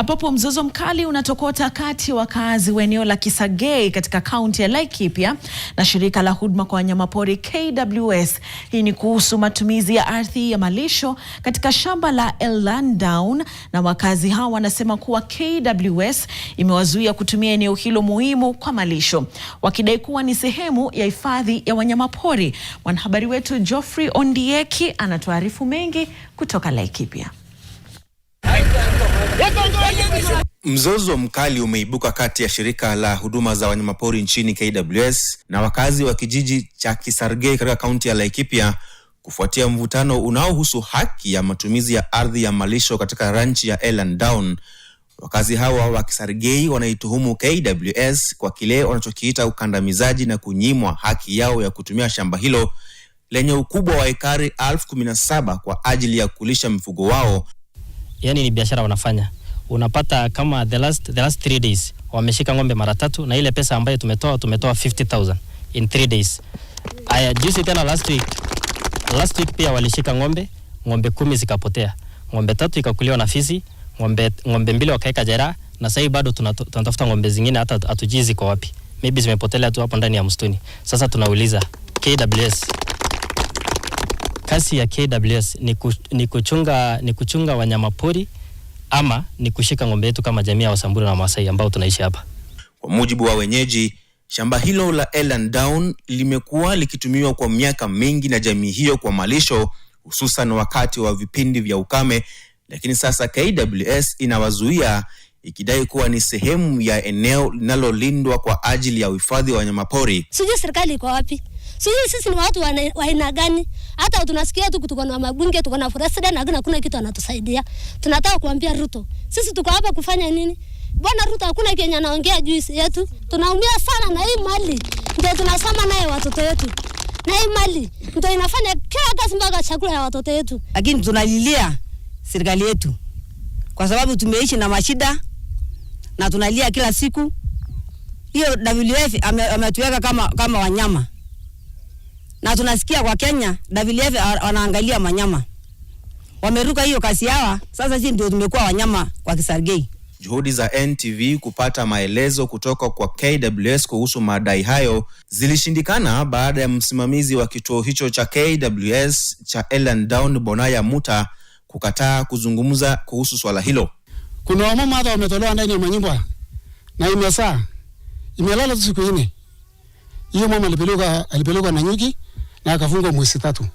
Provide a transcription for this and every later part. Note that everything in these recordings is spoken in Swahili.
ambapo mzozo mkali unatokota kati wakaazi wa eneo la Kisagei katika kaunti ya Laikipia na shirika la huduma kwa wanyamapori KWS. Hii ni kuhusu matumizi ya ardhi ya malisho katika shamba la Ellandown, na wakazi hao wanasema kuwa KWS imewazuia kutumia eneo hilo muhimu kwa malisho, wakidai kuwa ni sehemu ya hifadhi ya wanyamapori. Mwanahabari wetu Geoffrey Ondieki anatuarifu mengi kutoka Laikipia. Mzozo mkali umeibuka kati ya shirika la huduma za wanyamapori nchini KWS na wakazi wa kijiji cha Kisargei katika kaunti ya Laikipia kufuatia mvutano unaohusu haki ya matumizi ya ardhi ya malisho katika ranchi ya Eland Down. Wakazi hawa wa Kisargei wanaituhumu KWS kwa kile wanachokiita ukandamizaji na kunyimwa haki yao ya kutumia shamba hilo lenye ukubwa wa ekari elfu kumi na saba kwa ajili ya kulisha mifugo wao. Yani ni biashara wanafanya unapata kama the last, the last three days wameshika ng'ombe mara tatu, na ile pesa ambayo tumetoa tumetoa 50000 in three days. Aya, juzi tena last week, last week pia walishika ng'ombe, ng'ombe kumi zikapotea, ng'ombe tatu ikakuliwa na fisi, ng'ombe ng'ombe mbili wakaeka jera, na sasa bado tunatafuta ng'ombe zingine, hata hatujui ziko wapi, maybe zimepotelea tu hapo ndani ya msituni. Sasa tunauliza KWS kazi ya KWS ni, ku, ni, kuchunga, ni kuchunga wanyamapori pori ama ni kushika ng'ombe yetu kama jamii ya Wasamburu na Wamasai ambao tunaishi hapa. Kwa mujibu wa wenyeji, shamba hilo la Ellen Down limekuwa likitumiwa kwa miaka mingi na jamii hiyo kwa malisho, hususan wakati wa vipindi vya ukame, lakini sasa KWS inawazuia ikidai kuwa ni sehemu ya eneo linalolindwa kwa ajili ya uhifadhi wa wanyamapori. Sijui serikali iko wapi? Sisi sisi ni watu wa aina gani? Hata tunasikia tu tuko na mabunge, tuko na president, lakini hakuna kitu anatusaidia. Tunataka kuambia Ruto, sisi tuko hapa kufanya nini? Bwana Ruto hakuna kitu anaongea juu yetu. Tunaumia sana na hii mali ndio tunasoma naye watoto wetu, na hii mali ndio inafanya kila kazi mpaka chakula ya watoto wetu. Lakini tunalilia serikali yetu kwa sababu tumeishi na mashida na tunalia kila siku. Hiyo WF ametuweka kama, kama wanyama na tunasikia kwa Kenya WWF wanaangalia manyama, wameruka hiyo kasi hawa. Sasa sisi ndio tumekuwa wanyama kwa Kisargei. Juhudi za NTV kupata maelezo kutoka kwa KWS kuhusu madai hayo zilishindikana baada ya msimamizi wa kituo hicho cha KWS cha Ellen Down Bonaya Muta kukataa kuzungumza kuhusu swala hilo. Kuna wamama hata wametolewa ndani ya manyumba na imesaa imelala tu siku nne. Hiyo mama alipelekwa na nyuki na akafungwa mwezi tatu.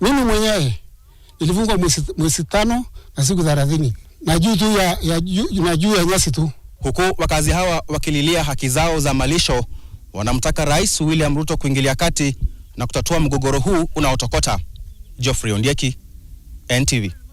Mimi mwenyewe nilifungwa mwezi, mwezi tano na siku thelathini na juu tu ya, ya, na juu ya nyasi tu. Huku wakazi hawa wakililia haki zao za malisho, wanamtaka Rais William Ruto kuingilia kati na kutatua mgogoro huu unaotokota. Geoffrey Ondieki, NTV.